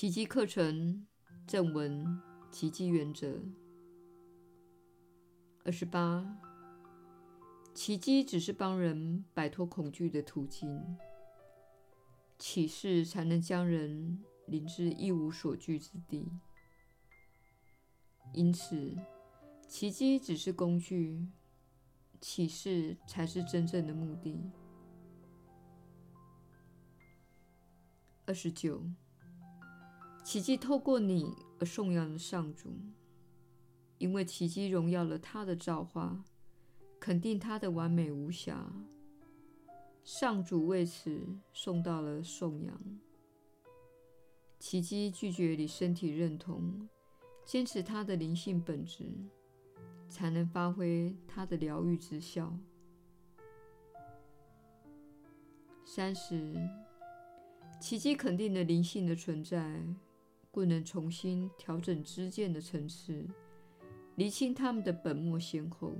奇蹟課程正文：奇蹟原則二十八。28. 奇蹟只是幫人擺脫恐懼的途徑，啟示才能將人領至一無所懼之地。因此，奇蹟只是工具，啟示才是真正的目的。二十九。奇蹟透過你而頌揚了上主，因為奇蹟榮耀了他的造化，肯定他的完美無瑕。上主為此受到了頌揚。奇蹟拒絕與身體認同，堅持他的靈性本質，才能發揮他的療癒之效。三十，奇蹟肯定了靈性的存在。故能重新調整知見的層次，釐清他們的本末先後。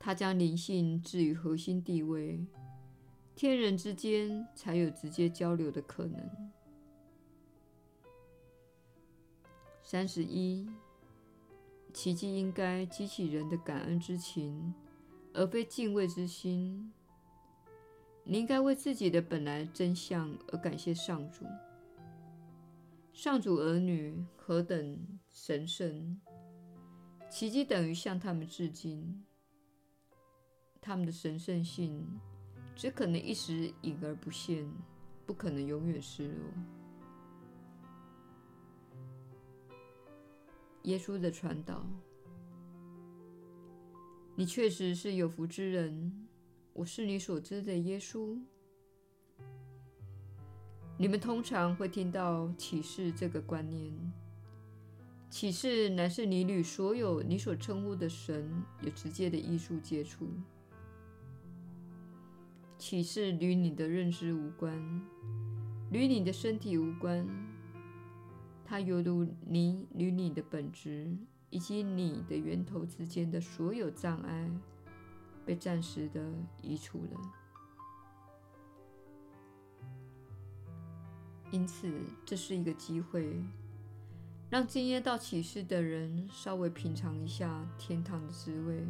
他將靈性置於核心地位，天人之間才有直接交流的可能。三十一，奇蹟應該激起人的感恩之情，而非敬畏之心。你應該為自己的本來的真相而感謝上主。上主兒女何等神聖！奇蹟等於向他們致敬。他們的神聖性只可能一時隱而不現，不可能永遠失落。耶穌的傳導，你確實是有福之人。我是你所知的耶穌。你們通常會聽到“啟示”這個觀念。啟示乃是你與所有你所稱呼的神有直接的意識接觸。啟示與你的認知無關，與你的身體無關。它猶如你與你的本質以及你的源頭之間的所有障礙，被暫時的移除了。因此，這是一個機會，讓經驗到啟示的人稍微品嘗一下天堂的滋味。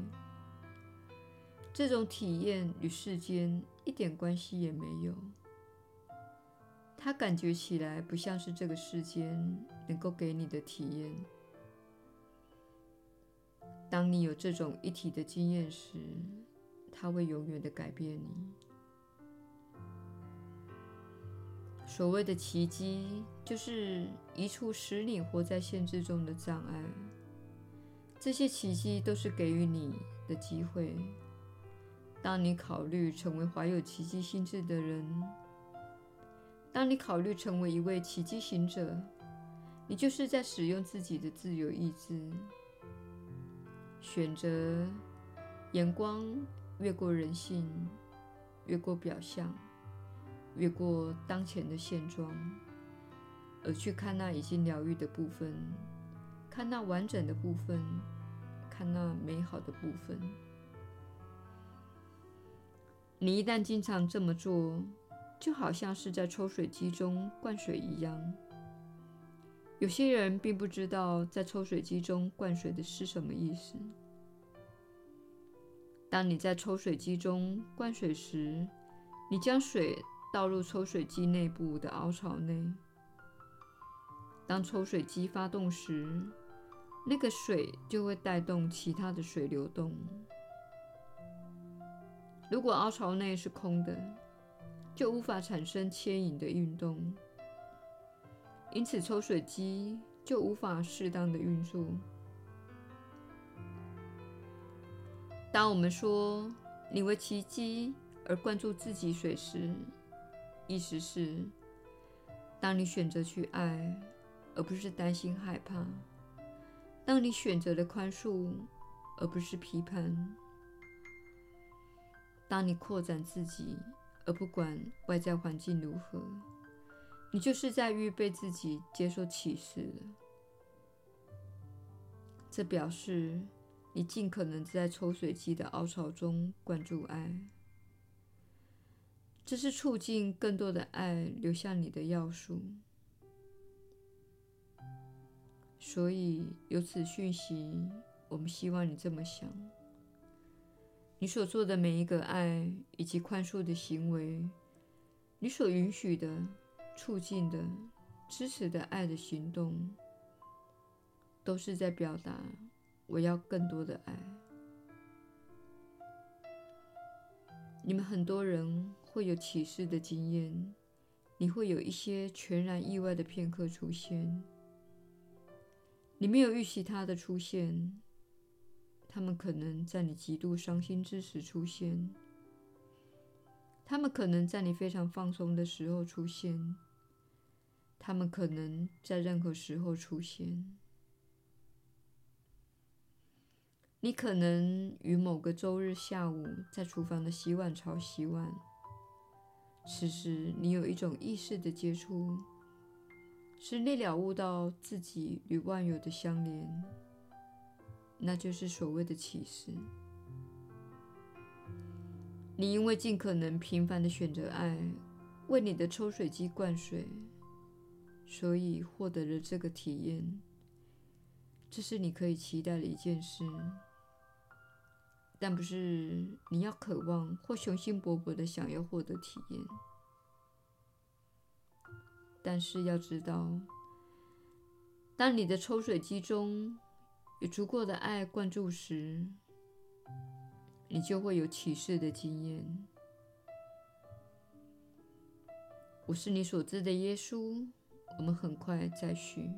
這種體驗與世間一點關係也沒有，它感覺起來不像是這個世間能夠給你的體驗。當你有這種一體的經驗時，它會永遠地改變你。所謂的奇蹟，就是移除使你活在限制中的障礙。這些奇蹟都是給予你的機會。當你考慮成為懷有奇蹟心志的人，當你考慮成為一位奇蹟行者，你就是在使用自己的自由意志，選擇眼光越過人性，越過表相。越過當前的現狀，而去看那已經療癒的部分，看那完整的部分，看那美好的部分。你一旦經常這麼做，就好像是在抽水機中灌水一樣。有些人並不知道在抽水機中灌水的是什麼意思。當你在抽水機中灌水時，你將水，倒入抽水機內部的凹槽內。當抽水機發動時，那個水就會帶動其他的水流動。如果凹槽內是空的，就無法產生牽引的運動，因此抽水機就無法適當的運作。當我們說你為奇蹟而灌注自己水時，意思是，當你選擇去愛，而不是擔心害怕；當你選擇了寬恕，而不是批判；當你擴展自己，而不管外在環境如何，你就是在預備自己接受啟示了。這表示你盡可能在抽水機的凹槽中灌注愛。這是促進更多的愛流向你的要素。所以，由此訊息，我們希望你這麼想：你所做的每一個愛以及寬恕的行為，你所允許的、促進的、支持的愛的行動，都是在表達“我要更多的愛”。你們很多人。會有啟示的經驗，你會有一些全然意外的片刻出現。你沒有預期他的出現，他們可能在你極度傷心之時出現，他們可能在你非常放鬆的時候出現，他們可能在任何時候出現。你可能於某個周日下午，在廚房的洗碗槽洗碗。此時，你有一種意識的接觸，使你了悟到自己與萬有的相連，那就是所謂的啟示。你因為盡可能頻繁地選擇愛，為你的抽水機灌水，所以獲得了這個體驗。這是你可以期待的一件事。但不是你要渴望、或雄心勃勃的想要獲得體驗。但是要知道，當你的抽水機中有足夠的愛灌注時，你就會有啟示的經驗。我是你所知的耶穌。我們很快再敘。